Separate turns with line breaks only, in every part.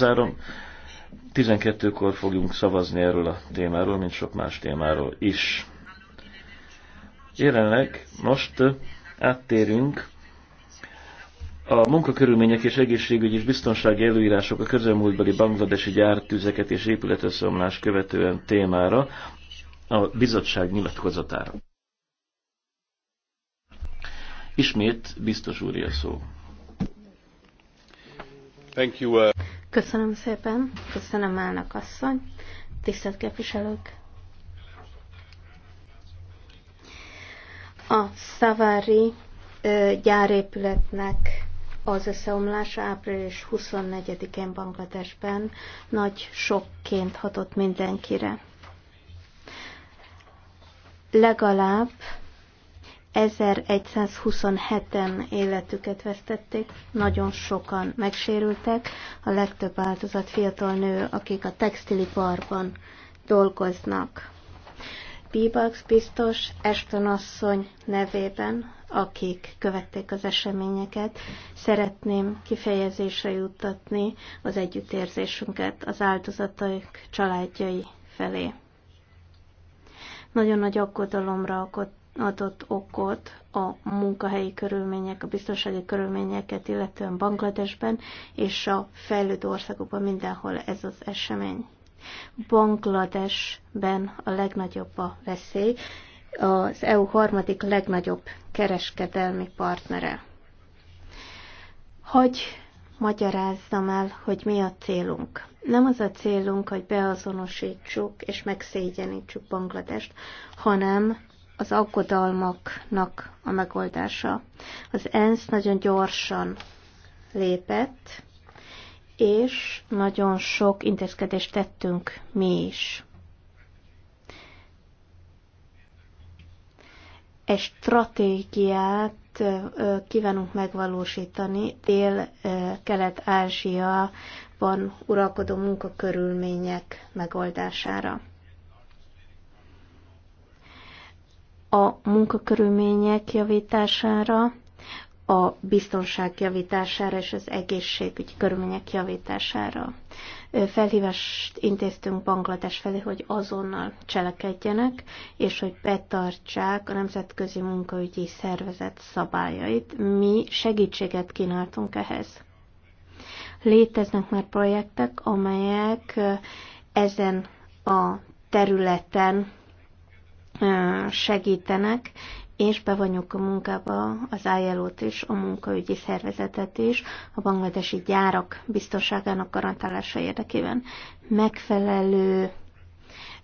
zárom. 12-kor fogjunk szavazni erről a témáról, mint sok más témáról is. Jelenleg most áttérünk a munkakörülmények és egészségügyi és biztonsági előírások a közelmúltbeli bangladesi gyártűzeket és épületösszeomlás követően témára, a bizottság nyilatkozatára. Ismét biztos úr szó.
Thank you, uh...
Köszönöm szépen, köszönöm elnök asszony, tisztelt képviselők. A Szavári gyárépületnek az összeomlása április 24-én Bangladesben nagy sokként hatott mindenkire. Legalább 1127-en életüket vesztették, nagyon sokan megsérültek, a legtöbb áldozat fiatal nő, akik a textiliparban dolgoznak. Bibax biztos Eston asszony nevében, akik követték az eseményeket, szeretném kifejezésre juttatni az együttérzésünket az áldozataik családjai felé. Nagyon nagy aggodalomra okott adott okot a munkahelyi körülmények, a biztonsági körülményeket, illetően Bangladesben és a fejlődő országokban mindenhol ez az esemény. Bangladesben a legnagyobb a veszély, az EU harmadik legnagyobb kereskedelmi partnere. Hogy magyarázzam el, hogy mi a célunk. Nem az a célunk, hogy beazonosítsuk és megszégyenítsük Bangladest, hanem az aggodalmaknak a megoldása. Az ENSZ nagyon gyorsan lépett, és nagyon sok intézkedést tettünk mi is. Egy stratégiát kívánunk megvalósítani Dél-Kelet-Ázsiában uralkodó munkakörülmények megoldására. a munkakörülmények javítására, a biztonság javítására és az egészségügyi körülmények javítására. Felhívást intéztünk Banglades felé, hogy azonnal cselekedjenek, és hogy betartsák a Nemzetközi Munkaügyi Szervezet szabályait. Mi segítséget kínáltunk ehhez. Léteznek már projektek, amelyek ezen a területen segítenek, és bevonjuk a munkába az ilo is, a munkaügyi szervezetet is, a bangladesi gyárak biztonságának garantálása érdekében. Megfelelő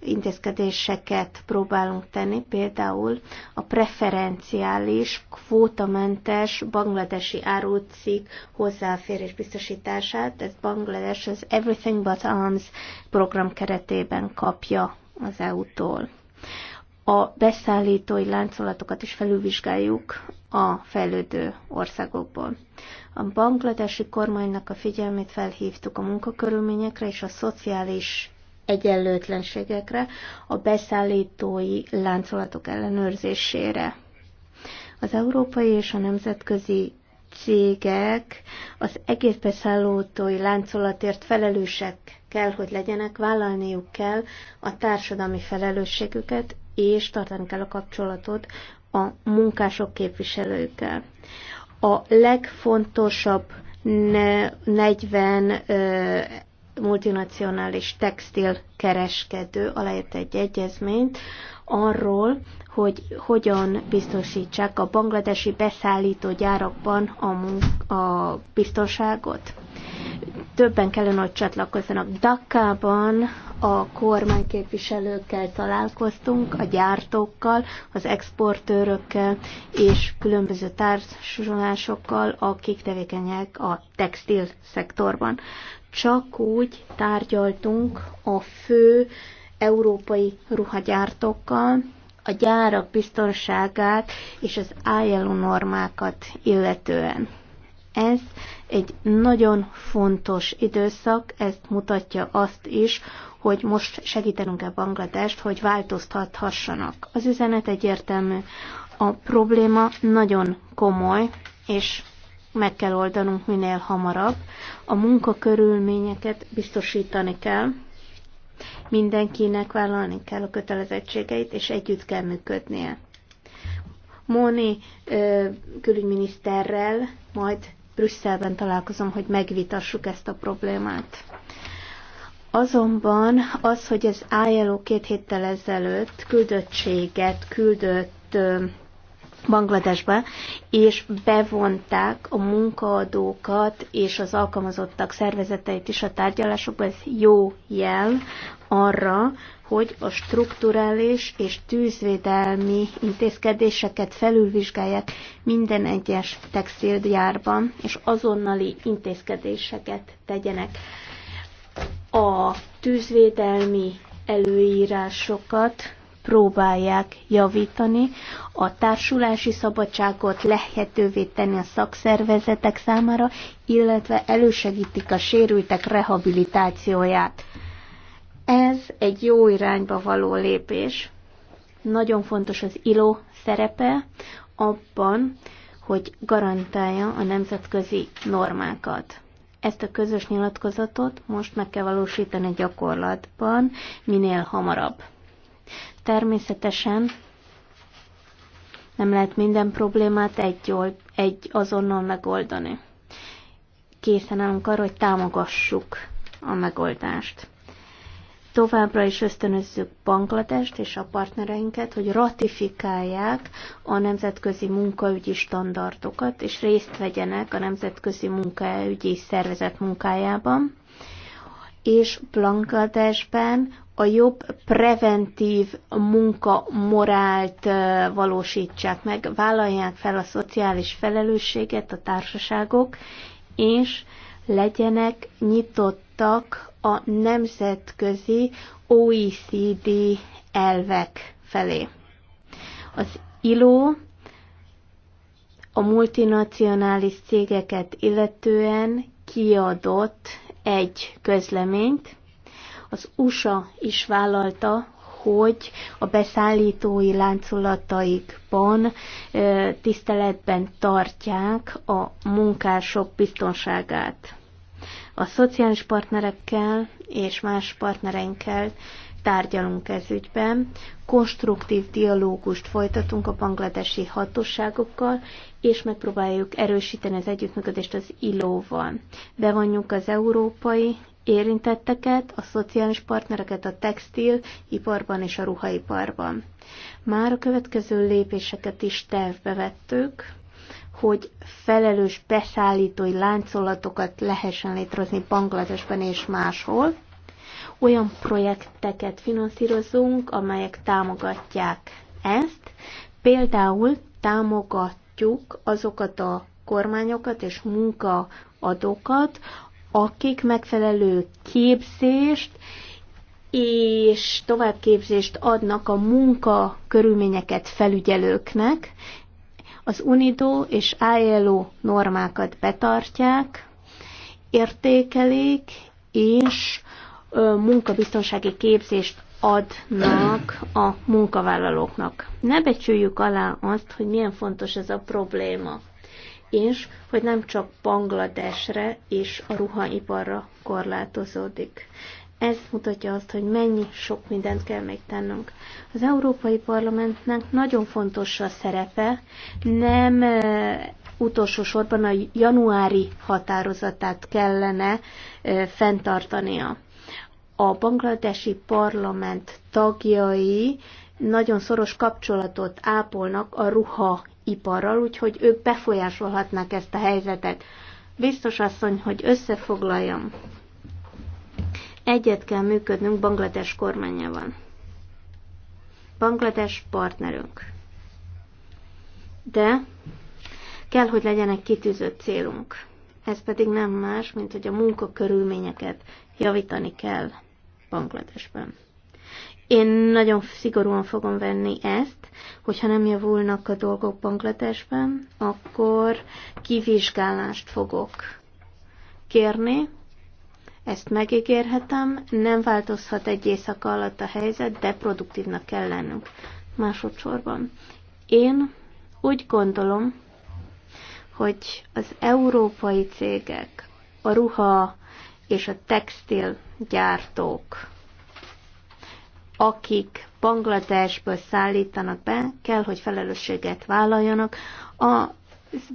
intézkedéseket próbálunk tenni, például a preferenciális, kvótamentes bangladesi árucik hozzáférés biztosítását, ez Banglades az Everything But Arms program keretében kapja az EU-tól a beszállítói láncolatokat is felülvizsgáljuk a fejlődő országokból. A bangladesi kormánynak a figyelmét felhívtuk a munkakörülményekre és a szociális egyenlőtlenségekre, a beszállítói láncolatok ellenőrzésére. Az európai és a nemzetközi cégek az egész beszállítói láncolatért felelősek kell, hogy legyenek, vállalniuk kell a társadalmi felelősségüket, és tartani kell a kapcsolatot a munkások képviselőkkel. A legfontosabb 40 multinacionális textilkereskedő aláírt egy egyezményt arról, hogy hogyan biztosítsák a bangladesi beszállító gyárakban a, a biztonságot. Többen kellene, hogy csatlakozzanak. Dakában a kormányképviselőkkel találkoztunk, a gyártókkal, az exportőrökkel és különböző társulásokkal, akik tevékenyek a textil szektorban. Csak úgy tárgyaltunk a fő európai ruhagyártókkal, a gyárak biztonságát és az ILO normákat illetően. Ez egy nagyon fontos időszak, ezt mutatja azt is, hogy most segítenünk a Bangladest, hogy változtathassanak. Az üzenet egyértelmű. A probléma nagyon komoly, és meg kell oldanunk minél hamarabb. A munkakörülményeket biztosítani kell, mindenkinek vállalni kell a kötelezettségeit, és együtt kell működnie. Móni külügyminiszterrel majd Brüsszelben találkozom, hogy megvitassuk ezt a problémát. Azonban az, hogy az ILO két héttel ezelőtt küldöttséget küldött Bangladesbe, és bevonták a munkaadókat és az alkalmazottak szervezeteit is a tárgyalásokba. Ez jó jel arra, hogy a strukturális és tűzvédelmi intézkedéseket felülvizsgálják minden egyes textilgyárban, és azonnali intézkedéseket tegyenek. A tűzvédelmi előírásokat próbálják javítani, a társulási szabadságot lehetővé tenni a szakszervezetek számára, illetve elősegítik a sérültek rehabilitációját. Ez egy jó irányba való lépés. Nagyon fontos az ILO szerepe abban, hogy garantálja a nemzetközi normákat. Ezt a közös nyilatkozatot most meg kell valósítani gyakorlatban minél hamarabb. Természetesen nem lehet minden problémát egy, old, egy azonnal megoldani. Készen állunk arra, hogy támogassuk a megoldást. Továbbra is ösztönözzük Bangladest és a partnereinket, hogy ratifikálják a nemzetközi munkaügyi standardokat, és részt vegyenek a nemzetközi munkaügyi szervezet munkájában, és Blankadesben a jobb preventív munka morált valósítsák meg, vállalják fel a szociális felelősséget a társaságok, és legyenek nyitottak a nemzetközi OECD elvek felé. Az ILO a multinacionális cégeket illetően kiadott egy közleményt. Az USA is vállalta, hogy a beszállítói láncolataikban tiszteletben tartják a munkások biztonságát. A szociális partnerekkel és más partnereinkkel tárgyalunk ez ügyben, konstruktív dialógust folytatunk a bangladesi hatóságokkal, és megpróbáljuk erősíteni az együttműködést az ILO-val. Bevonjuk az európai érintetteket, a szociális partnereket a textil, iparban és a ruhaiparban. Már a következő lépéseket is tervbe vettük, hogy felelős beszállítói láncolatokat lehessen létrehozni Bangladesben és máshol, olyan projekteket finanszírozunk, amelyek támogatják ezt. Például támogatjuk azokat a kormányokat és munkaadókat, akik megfelelő képzést és továbbképzést adnak a munka körülményeket felügyelőknek, az UNIDO és ILO e normákat betartják, értékelik, és munkabiztonsági képzést adnak a munkavállalóknak. Ne becsüljük alá azt, hogy milyen fontos ez a probléma, és hogy nem csak Bangladesre és a ruhaiparra korlátozódik. Ez mutatja azt, hogy mennyi sok mindent kell még tennünk. Az Európai Parlamentnek nagyon fontos a szerepe, nem utolsó sorban a januári határozatát kellene fenntartania a bangladesi parlament tagjai nagyon szoros kapcsolatot ápolnak a ruhaiparral, úgyhogy ők befolyásolhatnak ezt a helyzetet. Biztos asszony, hogy összefoglaljam. Egyet kell működnünk Banglades van. Banglades partnerünk. De kell, hogy legyen egy kitűzött célunk. Ez pedig nem más, mint hogy a munkakörülményeket javítani kell. Bangladesben. Én nagyon szigorúan fogom venni ezt, hogyha nem javulnak a dolgok Bangladesben, akkor kivizsgálást fogok kérni, ezt megígérhetem, nem változhat egy éjszaka alatt a helyzet, de produktívnak kell lennünk. Másodszorban. Én úgy gondolom, hogy az európai cégek, a ruha és a textilgyártók, akik Bangladesből szállítanak be, kell, hogy felelősséget vállaljanak a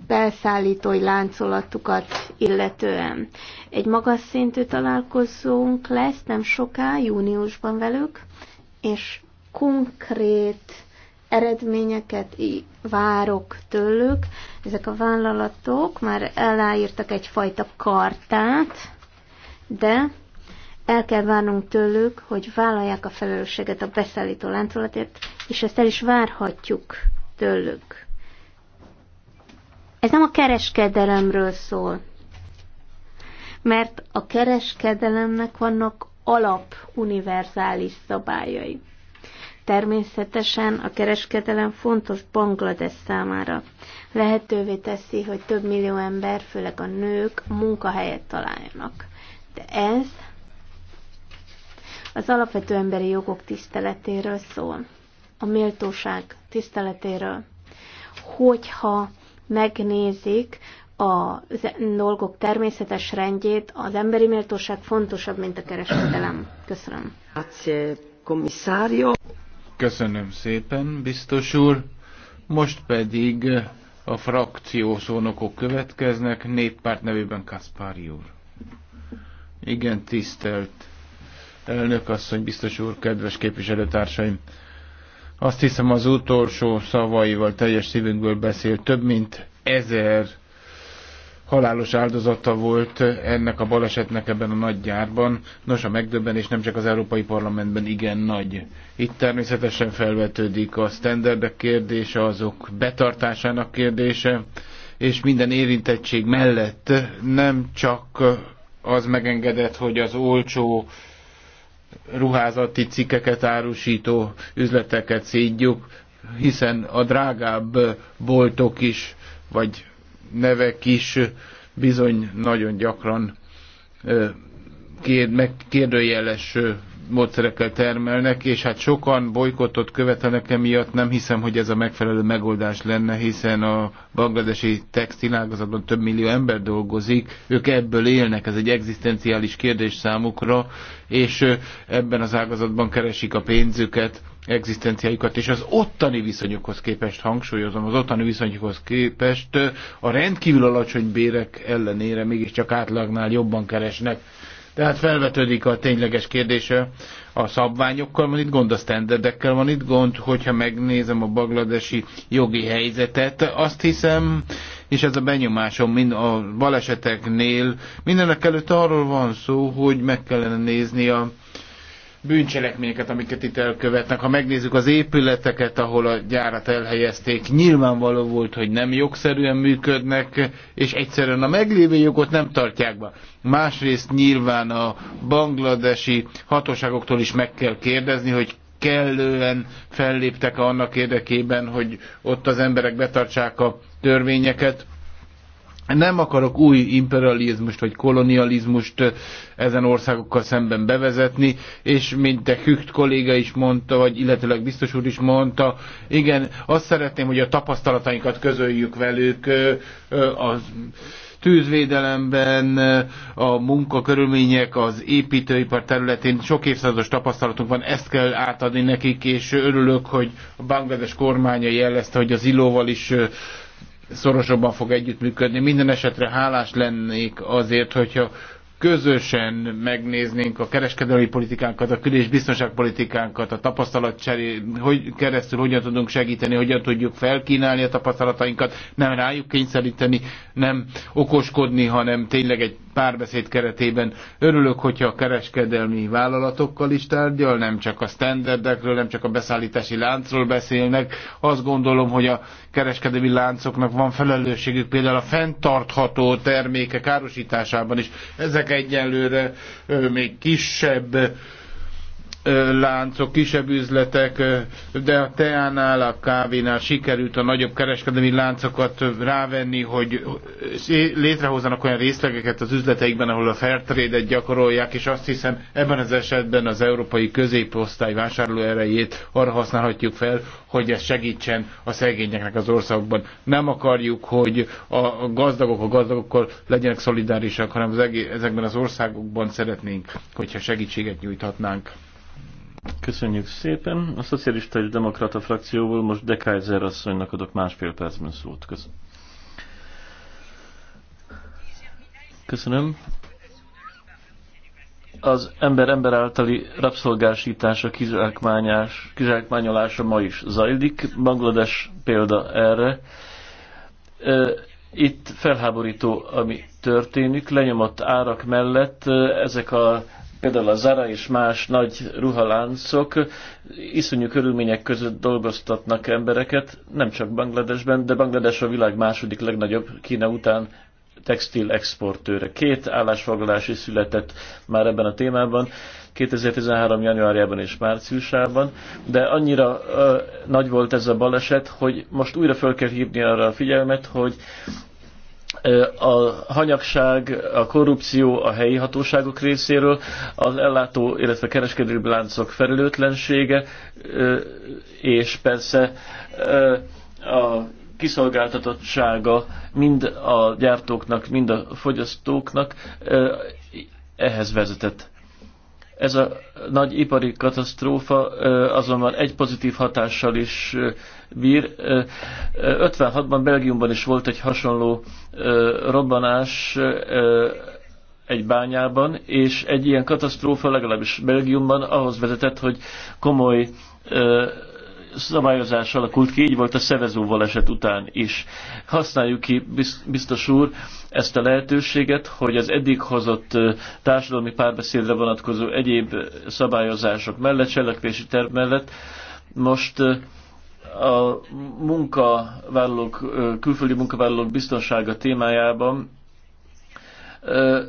beszállítói láncolatukat illetően. Egy magas szintű találkozónk lesz nem soká, júniusban velük, és konkrét eredményeket várok tőlük. Ezek a vállalatok már eláírtak egyfajta kartát, de el kell várnunk tőlük, hogy vállalják a felelősséget a beszállító láncolatért, és ezt el is várhatjuk tőlük. Ez nem a kereskedelemről szól, mert a kereskedelemnek vannak alap univerzális szabályai. Természetesen a kereskedelem fontos Banglades számára. Lehetővé teszi, hogy több millió ember, főleg a nők, munkahelyet találjanak. De ez az alapvető emberi jogok tiszteletéről szól, a méltóság tiszteletéről. Hogyha megnézik a dolgok természetes rendjét, az emberi méltóság fontosabb, mint a kereskedelem. Köszönöm.
Köszönöm szépen, biztos úr. Most pedig a frakció szónokok következnek, néppárt nevében Kaspári úr. Igen, tisztelt elnök asszony, biztos úr, kedves képviselőtársaim! Azt hiszem az utolsó szavaival teljes szívünkből beszél. Több mint ezer halálos áldozata volt ennek a balesetnek ebben a nagy gyárban. Nos, a megdöbbenés nem csak az Európai Parlamentben igen nagy. Itt természetesen felvetődik a standardek kérdése, azok betartásának kérdése, és minden érintettség mellett nem csak az megengedett, hogy az olcsó ruházati cikkeket árusító üzleteket szídjuk, hiszen a drágább boltok is, vagy nevek is bizony nagyon gyakran kérd, kérdőjeles módszerekkel termelnek, és hát sokan bolykottot követelnek emiatt, nem hiszem, hogy ez a megfelelő megoldás lenne, hiszen a bangladesi textilágazatban több millió ember dolgozik, ők ebből élnek, ez egy egzisztenciális kérdés számukra, és ebben az ágazatban keresik a pénzüket, egzisztenciájukat, és az ottani viszonyokhoz képest, hangsúlyozom, az ottani viszonyokhoz képest a rendkívül alacsony bérek ellenére mégiscsak átlagnál jobban keresnek tehát felvetődik a tényleges kérdése a szabványokkal, van itt gond, a standardekkel van itt gond, hogyha megnézem a bagladesi jogi helyzetet, azt hiszem, és ez a benyomásom mind a baleseteknél, mindenek előtt arról van szó, hogy meg kellene nézni a bűncselekményeket, amiket itt elkövetnek. Ha megnézzük az épületeket, ahol a gyárat elhelyezték, nyilvánvaló volt, hogy nem jogszerűen működnek, és egyszerűen a meglévő jogot nem tartják be. Másrészt nyilván a bangladesi hatóságoktól is meg kell kérdezni, hogy kellően felléptek annak érdekében, hogy ott az emberek betartsák a törvényeket nem akarok új imperializmust vagy kolonializmust ezen országokkal szemben bevezetni, és mint a Hügt kolléga is mondta, vagy illetőleg biztos úr is mondta, igen, azt szeretném, hogy a tapasztalatainkat közöljük velük az tűzvédelemben, a munkakörülmények, az építőipar területén sok évszázados tapasztalatunk van, ezt kell átadni nekik, és örülök, hogy a Bangladesh kormánya jelezte, hogy az illóval is szorosabban fog együttműködni. Minden esetre hálás lennék azért, hogyha közösen megnéznénk a kereskedelmi politikánkat, a kül- és biztonságpolitikánkat, a tapasztalatcseré, hogy keresztül hogyan tudunk segíteni, hogyan tudjuk felkínálni a tapasztalatainkat, nem rájuk kényszeríteni, nem okoskodni, hanem tényleg egy párbeszéd keretében. Örülök, hogyha a kereskedelmi vállalatokkal is tárgyal, nem csak a standardekről, nem csak a beszállítási láncról beszélnek. Azt gondolom, hogy a kereskedelmi láncoknak van felelősségük, például a fenntartható termékek árusításában is. Ezek egyenlőre még kisebb láncok, kisebb üzletek, de a teánál, a kávénál sikerült a nagyobb kereskedelmi láncokat rávenni, hogy létrehozzanak olyan részlegeket az üzleteikben, ahol a fairtrade-et gyakorolják, és azt hiszem ebben az esetben az európai középosztály vásárló erejét arra használhatjuk fel, hogy ez segítsen a szegényeknek az országban. Nem akarjuk, hogy a gazdagok a gazdagokkal legyenek szolidárisak, hanem az egész, ezekben az országokban szeretnénk, hogyha segítséget nyújthatnánk. Köszönjük szépen. A Szocialista és Demokrata
frakcióból most De Kaiser asszonynak adok másfél percben szót. Köszönöm. Köszönöm. Az ember ember általi rabszolgásítása, kizsákmányolása ma is zajlik. Banglades példa erre. Itt felháborító, ami történik. Lenyomott árak mellett ezek a például a Zara és más nagy ruhaláncok iszonyú körülmények között dolgoztatnak embereket, nem csak Bangladesben, de Banglades a világ második legnagyobb Kína után textil exportőre. Két állásfoglalás is született már ebben a témában, 2013. januárjában és márciusában, de annyira ö, nagy volt ez a baleset, hogy most újra fel kell hívni arra a figyelmet, hogy a hanyagság, a korrupció a helyi hatóságok részéről, az ellátó, illetve kereskedelmi láncok felelőtlensége, és persze a kiszolgáltatottsága mind a gyártóknak, mind a fogyasztóknak ehhez vezetett. Ez a nagy ipari katasztrófa azonban egy pozitív hatással is bír. 56-ban Belgiumban is volt egy hasonló robbanás egy bányában, és egy ilyen katasztrófa legalábbis Belgiumban ahhoz vezetett, hogy komoly szabályozás alakult ki, így volt a szevezó baleset után is. Használjuk ki, biztos úr, ezt a lehetőséget, hogy az eddig hozott társadalmi párbeszédre vonatkozó egyéb szabályozások mellett, cselekvési terv mellett most a munkavállalók, külföldi munkavállalók biztonsága témájában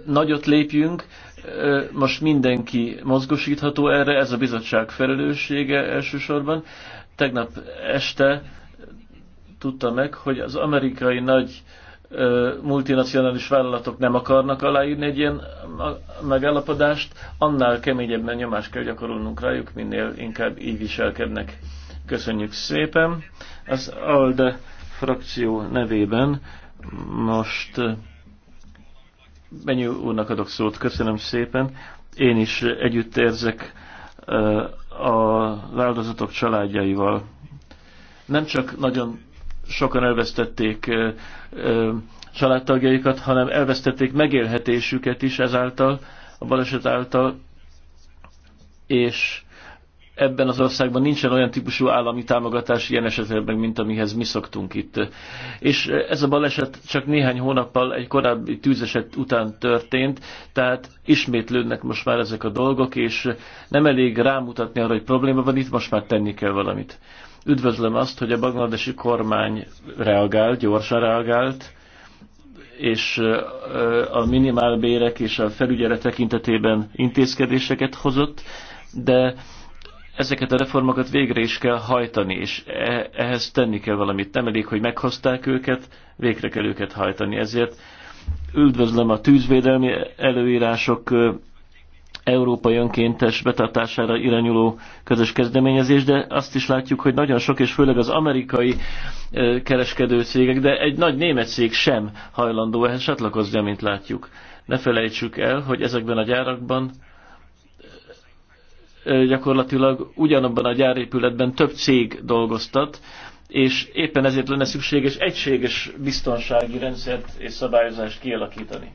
nagyot lépjünk, most mindenki mozgosítható erre, ez a bizottság felelőssége elsősorban, tegnap este tudta meg, hogy az amerikai nagy multinacionális vállalatok nem akarnak aláírni egy ilyen megállapodást, annál keményebben nyomást kell gyakorolnunk rájuk, minél inkább így viselkednek. Köszönjük szépen. Az ALDE frakció nevében most Benyú úrnak adok szót. Köszönöm szépen. Én is együtt érzek az áldozatok családjaival. Nem csak nagyon sokan elvesztették családtagjaikat, hanem elvesztették megélhetésüket is ezáltal, a baleset által, és ebben az országban nincsen olyan típusú állami támogatás ilyen esetben mint amihez mi szoktunk itt. És ez a baleset csak néhány hónappal egy korábbi tűzeset után történt, tehát ismétlődnek most már ezek a dolgok, és nem elég rámutatni arra, hogy probléma van, itt most már tenni kell valamit. Üdvözlöm azt, hogy a bangladesi kormány reagált, gyorsan reagált, és a minimálbérek és a felügyelet tekintetében intézkedéseket hozott, de ezeket a reformokat végre is kell hajtani, és e, ehhez tenni kell valamit. Nem elég, hogy meghozták őket, végre kell őket hajtani. Ezért üdvözlöm a tűzvédelmi előírások európai önkéntes betartására irányuló közös kezdeményezés, de azt is látjuk, hogy nagyon sok, és főleg az amerikai kereskedő cégek, de egy nagy német cég sem hajlandó ehhez csatlakozni, mint látjuk. Ne felejtsük el, hogy ezekben a gyárakban gyakorlatilag ugyanabban a gyárépületben több cég dolgoztat, és éppen ezért lenne szükséges egységes biztonsági rendszert és szabályozást kialakítani.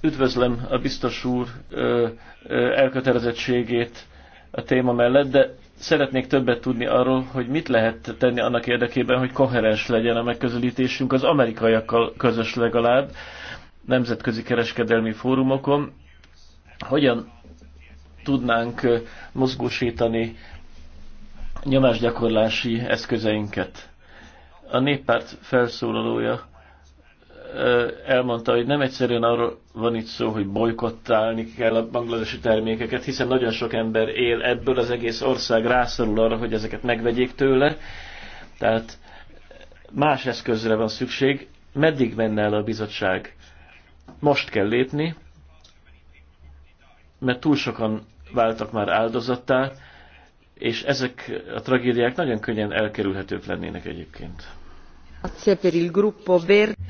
Üdvözlöm a biztos úr elkötelezettségét a téma mellett, de szeretnék többet tudni arról, hogy mit lehet tenni annak érdekében, hogy koherens legyen a megközelítésünk az amerikaiakkal közös legalább nemzetközi kereskedelmi fórumokon. Hogyan tudnánk mozgósítani nyomásgyakorlási eszközeinket. A néppárt felszólalója elmondta, hogy nem egyszerűen arról van itt szó, hogy bolykottálni kell a bangladesi termékeket, hiszen nagyon sok ember él ebből, az egész ország rászorul arra, hogy ezeket megvegyék tőle. Tehát más eszközre van szükség. Meddig menne el a bizottság? Most kell lépni, mert túl sokan váltak már áldozattá, és ezek a tragédiák nagyon könnyen elkerülhetők lennének egyébként.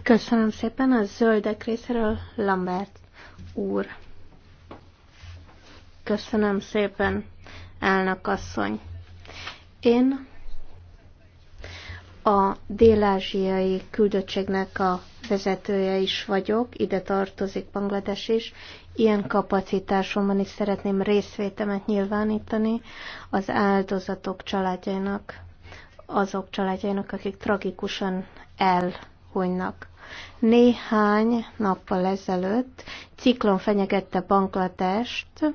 Köszönöm szépen a zöldek részéről, Lambert úr. Köszönöm szépen, elnök asszony. Én a dél-ázsiai küldöttségnek a vezetője is vagyok, ide tartozik Banglades is. Ilyen kapacitásomban is szeretném részvétemet nyilvánítani az áldozatok családjainak, azok családjainak, akik tragikusan elhunynak. Néhány nappal ezelőtt ciklon fenyegette Bangladest,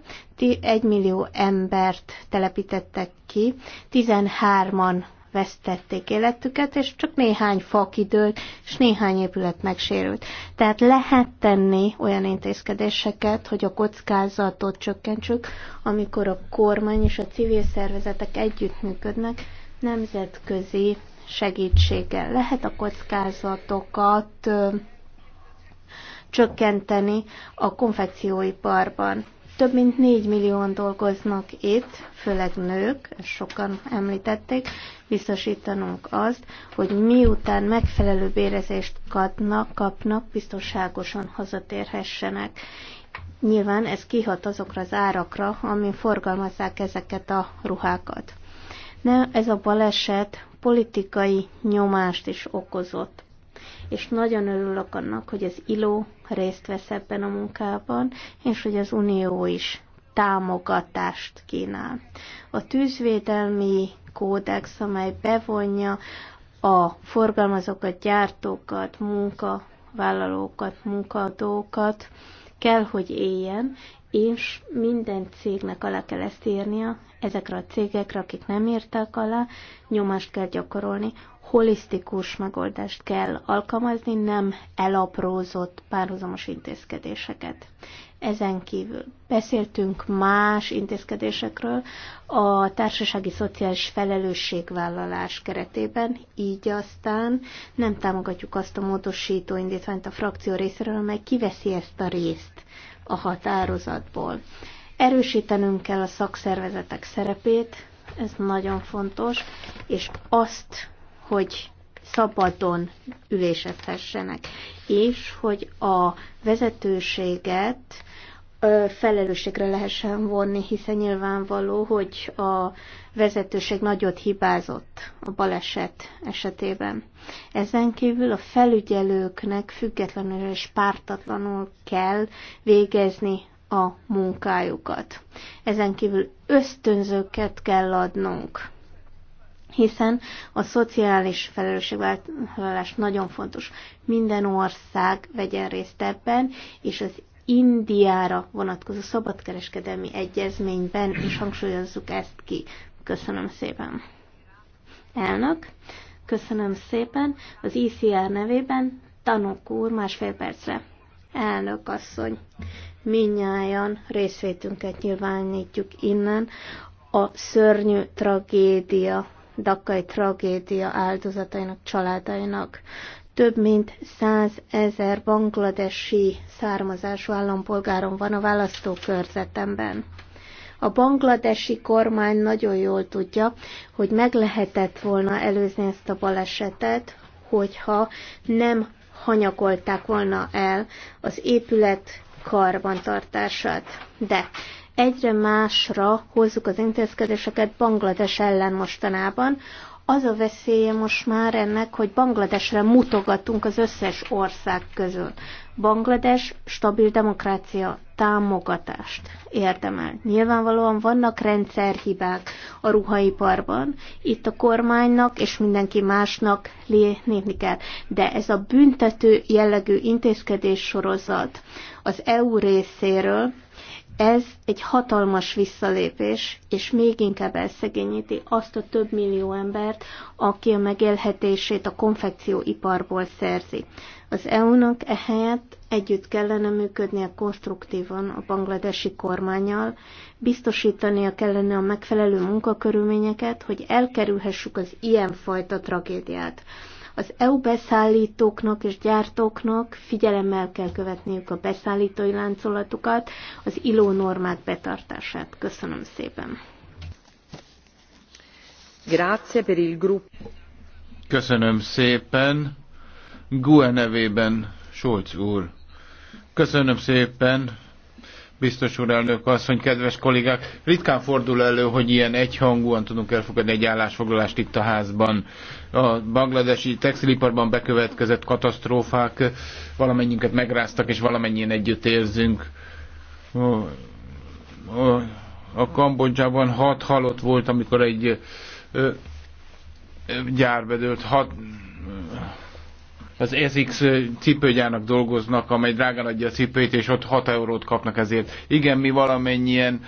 egy millió embert telepítettek ki, 13-an vesztették életüket, és csak néhány fa kidőlt, és néhány épület megsérült. Tehát lehet tenni olyan intézkedéseket, hogy a kockázatot csökkentsük, amikor a kormány és a civil szervezetek együttműködnek nemzetközi segítséggel. Lehet a kockázatokat ö, csökkenteni a konfekcióiparban. Több mint 4 millióan dolgoznak itt, főleg nők, ezt sokan említették, biztosítanunk azt, hogy miután megfelelő bérezést kapnak, kapnak biztonságosan hazatérhessenek. Nyilván ez kihat azokra az árakra, amin forgalmazzák ezeket a ruhákat. Ne, ez a baleset politikai nyomást is okozott és nagyon örülök annak, hogy az ILO részt vesz ebben a munkában, és hogy az Unió is támogatást kínál. A tűzvédelmi kódex, amely bevonja a forgalmazókat, gyártókat, munkavállalókat, munkadókat, kell, hogy éljen, és minden cégnek alá kell ezt írnia, ezekre a cégekre, akik nem írták alá, nyomást kell gyakorolni holisztikus megoldást kell alkalmazni, nem elaprózott párhuzamos intézkedéseket. Ezen kívül beszéltünk más intézkedésekről a társasági szociális felelősségvállalás keretében, így aztán nem támogatjuk azt a módosító indítványt a frakció részéről, amely kiveszi ezt a részt a határozatból. Erősítenünk kell a szakszervezetek szerepét, ez nagyon fontos, és azt hogy szabadon ülésezhessenek, és hogy a vezetőséget felelősségre lehessen vonni, hiszen nyilvánvaló, hogy a vezetőség nagyot hibázott a baleset esetében. Ezen kívül a felügyelőknek függetlenül és pártatlanul kell végezni a munkájukat. Ezen kívül ösztönzőket kell adnunk hiszen a szociális felelősségvállalás nagyon fontos. Minden ország vegyen részt ebben, és az Indiára vonatkozó szabadkereskedelmi egyezményben is hangsúlyozzuk ezt ki. Köszönöm szépen. Elnök, köszönöm szépen az ICR nevében Tanok úr másfél percre. Elnök asszony, minnyáján részvétünket nyilvánítjuk innen a szörnyű tragédia dakkai tragédia áldozatainak, családainak. Több mint százezer bangladesi származású állampolgáron van a választókörzetemben. A bangladesi kormány nagyon jól tudja, hogy meg lehetett volna előzni ezt a balesetet, hogyha nem hanyagolták volna el az épület karbantartását. De egyre másra hozzuk az intézkedéseket Banglades ellen mostanában. Az a veszélye most már ennek, hogy Bangladesre mutogatunk az összes ország közül. Banglades stabil demokrácia támogatást érdemel. Nyilvánvalóan vannak rendszerhibák a ruhaiparban, itt a kormánynak és mindenki másnak lépni kell. De ez a büntető jellegű intézkedés sorozat az EU részéről ez egy hatalmas visszalépés, és még inkább elszegényíti azt a több millió embert, aki a megélhetését a konfekcióiparból szerzi. Az EU-nak ehelyett együtt kellene működnie konstruktívan a bangladesi kormányjal, biztosítania kellene a megfelelő munkakörülményeket, hogy elkerülhessük az ilyenfajta tragédiát. Az EU beszállítóknak és gyártóknak figyelemmel kell követniük a beszállítói láncolatukat, az ILO normák betartását. Köszönöm szépen. Grazie per il gruppo.
Köszönöm szépen. GUE nevében Solc úr. Köszönöm szépen biztos úr elnök asszony, kedves kollégák! Ritkán fordul elő, hogy ilyen egyhangúan tudunk elfogadni egy állásfoglalást itt a házban. A bangladesi textiliparban bekövetkezett katasztrófák valamennyinket megráztak, és valamennyien együtt érzünk. A Kambodzsában hat halott volt, amikor egy gyár bedőlt, hat az SX cipőgyárnak dolgoznak, amely drágán adja a cipőit, és ott 6 eurót kapnak ezért. Igen, mi valamennyien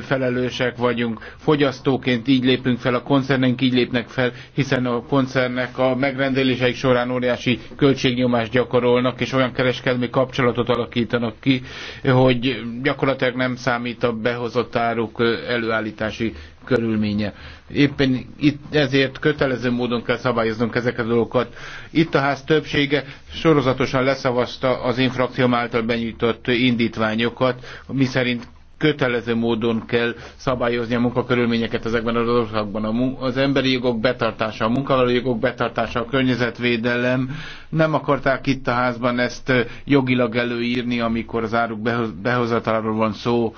felelősek vagyunk. Fogyasztóként így lépünk fel, a koncernek így lépnek fel, hiszen a koncernek a megrendeléseik során óriási költségnyomást gyakorolnak, és olyan kereskedelmi kapcsolatot alakítanak ki, hogy gyakorlatilag nem számít a behozott áruk előállítási körülménye. Éppen itt ezért kötelező módon kell szabályoznunk ezeket a dolgokat. Itt a ház többsége sorozatosan leszavazta az infrakcióm által benyújtott indítványokat, miszerint kötelező módon kell szabályozni a munkakörülményeket ezekben az országban. Az emberi jogok betartása, a munkavállalói jogok betartása, a környezetvédelem. Nem akarták itt a házban ezt jogilag előírni, amikor az áruk behozataláról van szó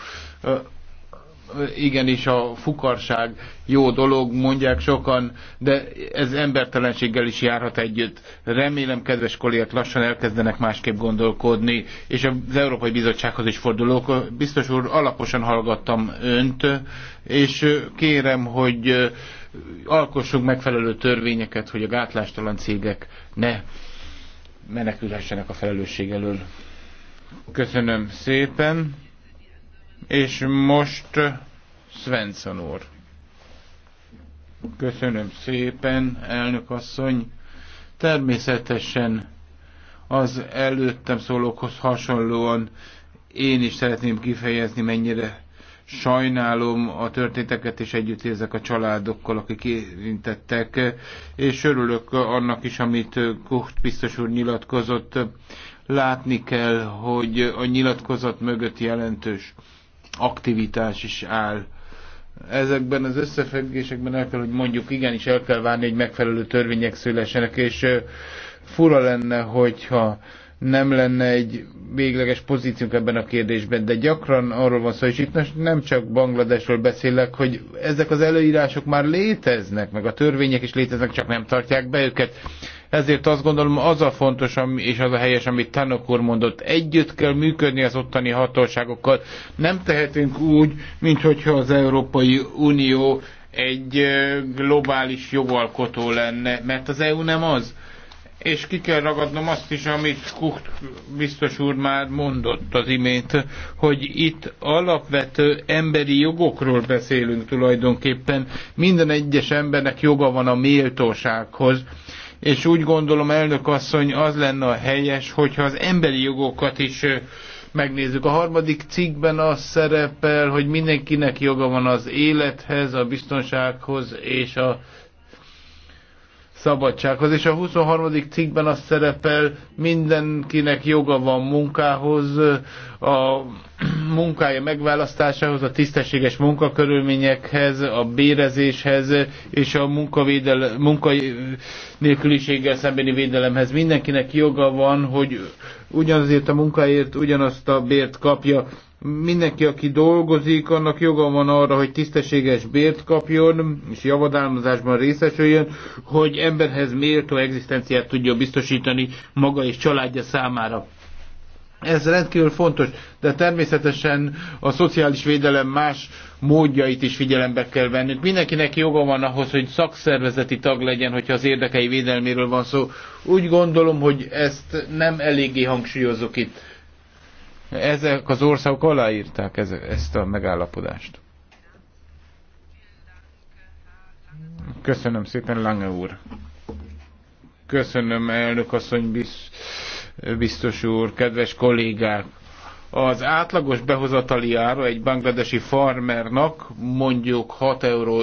igenis a fukarság jó dolog, mondják sokan, de ez embertelenséggel is járhat együtt. Remélem, kedves kollégák, lassan elkezdenek másképp gondolkodni, és az Európai Bizottsághoz is fordulok. Biztos úr, alaposan hallgattam önt, és kérem, hogy alkossunk megfelelő törvényeket, hogy a gátlástalan cégek ne menekülhessenek a felelősség elől. Köszönöm szépen. És most Svensson úr. Köszönöm szépen, elnök asszony. Természetesen az előttem szólókhoz hasonlóan én is szeretném kifejezni, mennyire sajnálom a történteket, és együtt érzek a családokkal, akik érintettek, és örülök annak is, amit Kucht biztos úr nyilatkozott. Látni kell, hogy a nyilatkozat mögött jelentős aktivitás is áll. Ezekben az összefüggésekben el kell, hogy mondjuk igenis el kell várni, hogy megfelelő törvények szülessenek, és fura lenne, hogyha nem lenne egy végleges pozíciónk ebben a kérdésben, de gyakran arról van szó, és itt most nem csak Bangladesről beszélek, hogy ezek az előírások már léteznek, meg a törvények is léteznek, csak nem tartják be őket. Ezért azt gondolom az a fontos és az a helyes, amit Tanok úr mondott. Együtt kell működni az ottani hatóságokkal. Nem tehetünk úgy, mint hogyha az Európai Unió egy globális jogalkotó lenne, mert az EU nem az. És ki kell ragadnom azt is, amit Kucht biztos úr már mondott az imént, hogy itt alapvető emberi jogokról beszélünk tulajdonképpen. Minden egyes embernek joga van a méltósághoz és úgy gondolom, elnök asszony, az lenne a helyes, hogyha az emberi jogokat is megnézzük. A harmadik cikkben az szerepel, hogy mindenkinek joga van az élethez, a biztonsághoz és a szabadsághoz. És a 23. cikkben az szerepel, mindenkinek joga van munkához, a munkája megválasztásához, a tisztességes munkakörülményekhez, a bérezéshez és a munkanélküliséggel szembeni védelemhez. Mindenkinek joga van, hogy ugyanazért a munkáért ugyanazt a bért kapja. Mindenki, aki dolgozik, annak joga van arra, hogy tisztességes bért kapjon, és javadalmazásban részesüljön, hogy emberhez méltó egzisztenciát tudja biztosítani maga és családja számára ez rendkívül fontos, de természetesen a szociális védelem más módjait is figyelembe kell vennünk. Mindenkinek joga van ahhoz, hogy szakszervezeti tag legyen, hogyha az érdekei védelméről van szó. Úgy gondolom, hogy ezt nem eléggé hangsúlyozok itt. Ezek az országok aláírták ezt a megállapodást. Köszönöm szépen, Lange úr. Köszönöm, elnök asszony, biztos biztos úr, kedves kollégák! Az átlagos behozatali ára egy bangladesi farmernak mondjuk 6,50 euró,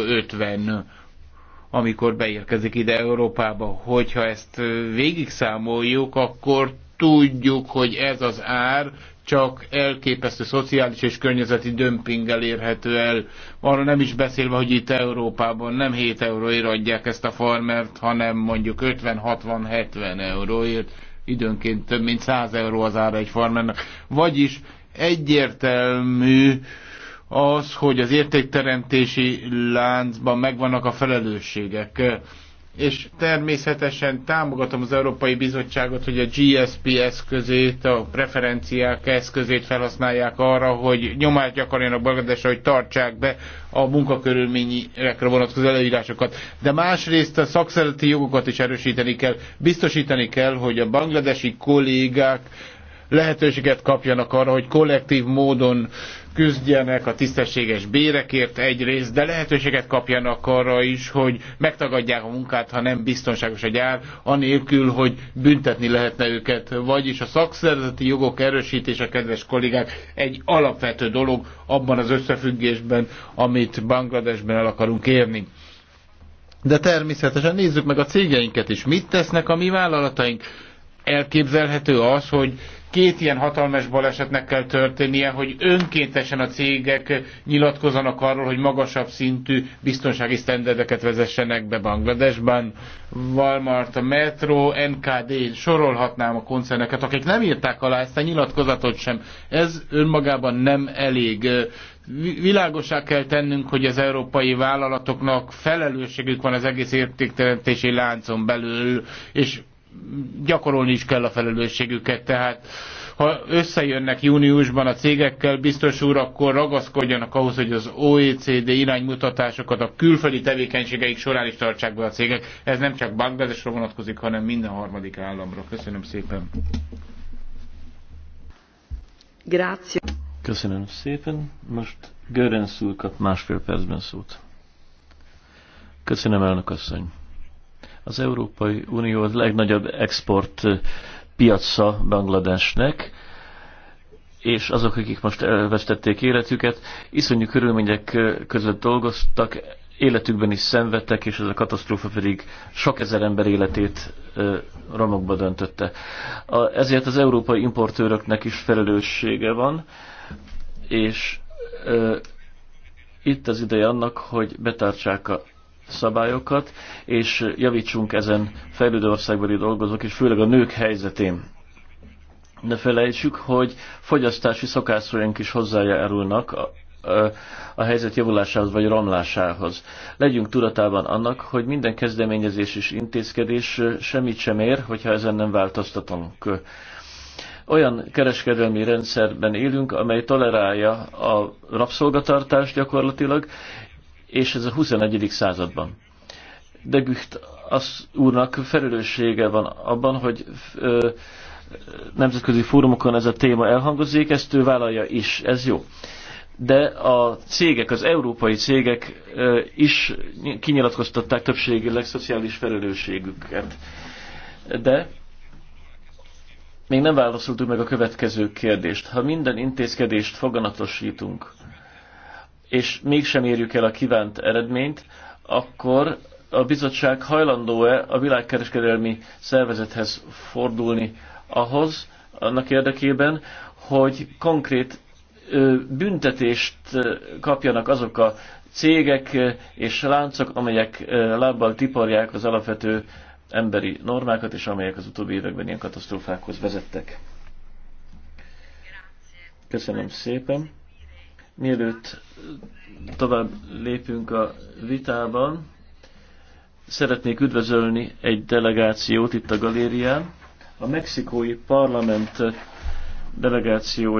amikor beérkezik ide Európába. Hogyha ezt végigszámoljuk, akkor tudjuk, hogy ez az ár csak elképesztő szociális és környezeti dömpinggel érhető el. Arra nem is beszélve, hogy itt Európában nem 7 euróért adják ezt a farmert, hanem mondjuk 50-60-70 euróért időnként több mint 100 euró az ára egy farmernek. Vagyis egyértelmű az, hogy az értékteremtési láncban megvannak a felelősségek és természetesen támogatom az Európai Bizottságot, hogy a GSP eszközét, a preferenciák eszközét felhasználják arra, hogy nyomást gyakoroljanak Bangladesre, hogy tartsák be a munkakörülményekre vonatkozó előírásokat. De másrészt a szakszereti jogokat is erősíteni kell. Biztosítani kell, hogy a bangladesi kollégák lehetőséget kapjanak arra, hogy kollektív módon küzdjenek a tisztességes bérekért egyrészt, de lehetőséget kapjanak arra is, hogy megtagadják a munkát, ha nem biztonságos a gyár, anélkül, hogy büntetni lehetne őket. Vagyis a szakszervezeti jogok erősítése, kedves kollégák, egy alapvető dolog abban az összefüggésben, amit Bangladesben el akarunk érni. De természetesen nézzük meg a cégeinket is. Mit tesznek a mi vállalataink? elképzelhető az, hogy két ilyen hatalmas balesetnek kell történnie, hogy önkéntesen a cégek nyilatkozanak arról, hogy magasabb szintű biztonsági sztenderdeket vezessenek be Bangladesben. Walmart, a Metro, NKD, sorolhatnám a koncerneket, akik nem írták alá ezt a nyilatkozatot sem. Ez önmagában nem elég. Világosá kell tennünk, hogy az európai vállalatoknak felelősségük van az egész értékteremtési láncon belül, és gyakorolni is kell a felelősségüket, tehát ha összejönnek júniusban a cégekkel, biztos úr, akkor ragaszkodjanak ahhoz, hogy az OECD iránymutatásokat a külföldi tevékenységeik során is tartsák be a cégek. Ez nem csak Bangladesra vonatkozik, hanem minden harmadik államra. Köszönöm szépen.
Grazie. Köszönöm szépen. Most Görenszúr kap másfél percben szót. Köszönöm, elnök asszony. Az Európai Unió a legnagyobb export piaca Bangladesnek, és azok, akik most elvesztették életüket, iszonyú körülmények között dolgoztak, életükben is szenvedtek, és ez a katasztrófa pedig sok ezer ember életét romokba döntötte. A, ezért az európai importőröknek is felelőssége van, és itt az ideje annak, hogy betartsák a szabályokat, és javítsunk ezen fejlődő országbeli dolgozók, és főleg a nők helyzetén. Ne felejtsük, hogy fogyasztási szokásaink is hozzájárulnak a, a, a helyzet javulásához vagy romlásához. Legyünk tudatában annak, hogy minden kezdeményezés és intézkedés semmit sem ér, hogyha ezen nem változtatunk. Olyan kereskedelmi rendszerben élünk, amely tolerálja a rabszolgatartást gyakorlatilag, és ez a 21. században. De Gücht az úrnak felelőssége van abban, hogy ö, nemzetközi fórumokon ez a téma elhangozik, ezt ő vállalja is, ez jó. De a cégek, az európai cégek ö, is kinyilatkoztatták többségileg szociális felelősségüket. De még nem válaszoltuk meg a következő kérdést. Ha minden intézkedést foganatosítunk, és mégsem érjük el a kívánt eredményt, akkor a bizottság hajlandó-e a világkereskedelmi szervezethez fordulni ahhoz, annak érdekében, hogy konkrét büntetést kapjanak azok a cégek és láncok, amelyek lábbal tiparják az alapvető emberi normákat, és amelyek az utóbbi években ilyen katasztrófákhoz vezettek. Köszönöm szépen. Mielőtt tovább lépünk a vitában, szeretnék üdvözölni egy delegációt itt a galérián. A mexikói parlament delegáció